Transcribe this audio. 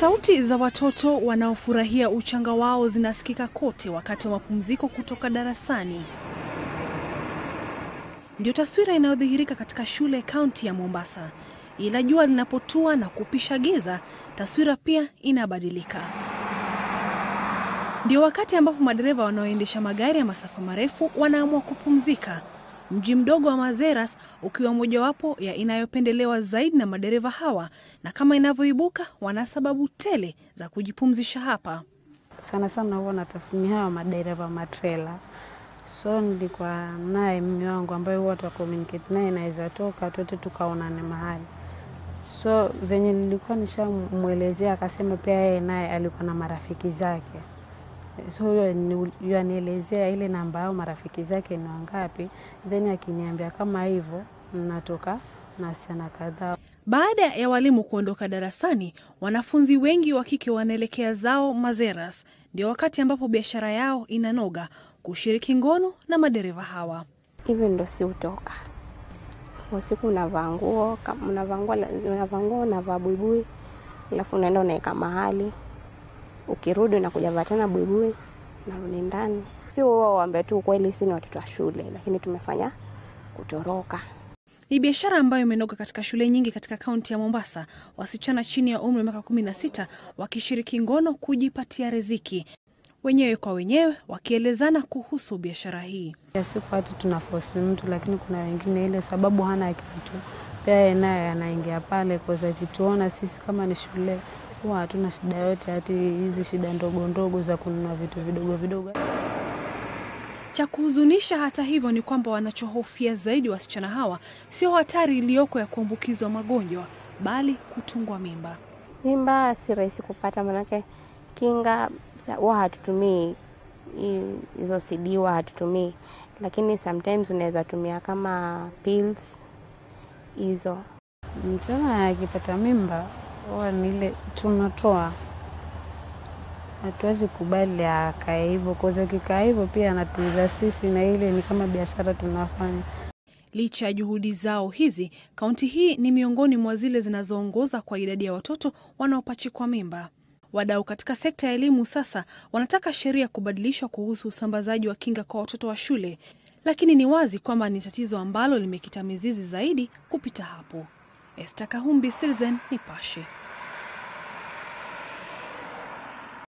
Sauti za watoto wanaofurahia uchanga wao zinasikika kote wakati wa mapumziko kutoka darasani. Ndio taswira inayodhihirika katika shule kaunti ya Mombasa. Ila jua linapotua na kupisha giza, taswira pia inabadilika. Ndio wakati ambapo madereva wanaoendesha magari ya masafa marefu wanaamua kupumzika. Mji mdogo wa Mazeras ukiwa mojawapo ya inayopendelewa zaidi na madereva hawa, na kama inavyoibuka, wana sababu tele za kujipumzisha hapa. Sana sana huwa natafuni hawa madereva matrela, so nilikuwa naye mimi wangu ambaye huwa communicate naye, naweza toka tote tukaonane mahali so venye nilikuwa nishamwelezea, akasema pia yeye naye alikuwa na marafiki zake so yanielezea ile namba yao marafiki zake ni wangapi, then akiniambia kama hivyo, natoka na wasichana kadhaa. Baada ya walimu kuondoka darasani, wanafunzi wengi wa kike wanaelekea zao Mazeras. Ndio wakati ambapo biashara yao inanoga kushiriki ngono na madereva hawa. Hivyo ndo si utoka usiku, unavaa nguo unavaa nguo unavaa buibui, alafu unaenda unaweka mahali ukirudi unakuja vatana tena buibui narudi ndani. Si wao waambia tu ukweli, si ni watoto wa shule, lakini tumefanya kutoroka. Ni biashara ambayo imenoga katika shule nyingi katika kaunti ya Mombasa, wasichana chini ya umri wa miaka kumi na sita wakishiriki ngono kujipatia riziki wenyewe kwa wenyewe, wakielezana kuhusu biashara hii. Si kwa watu tunafosi mtu, lakini kuna wengine ile sababu hana kitu, pia naye anaingia pale sababu tuona sisi kama ni shule huwa hatuna shida yote, hati hizi shida ndogo ndogo za kununua vitu vidogo vidogo. Cha kuhuzunisha hata hivyo ni kwamba wanachohofia zaidi wasichana hawa sio hatari iliyoko ya kuambukizwa magonjwa, bali kutungwa mimba. Mimba si rahisi kupata, manake kinga huwa hatutumii hizo sidiwa hatutumii, lakini sometimes unaweza tumia kama pills hizo. Mchana akipata mimba huwa ni ile tunatoa, hatuwezi kubali akae hivyo, kwaza kikaa hivyo pia anatuuza sisi, na ile ni kama biashara tunafanya. Licha ya juhudi zao hizi, kaunti hii ni miongoni mwa zile zinazoongoza kwa idadi ya watoto wanaopachikwa mimba. Wadau katika sekta ya elimu sasa wanataka sheria kubadilishwa kuhusu usambazaji wa kinga kwa watoto wa shule, lakini ni wazi kwamba ni tatizo ambalo limekita mizizi zaidi kupita hapo. Esta Kahumbi, Citizen Nipashe.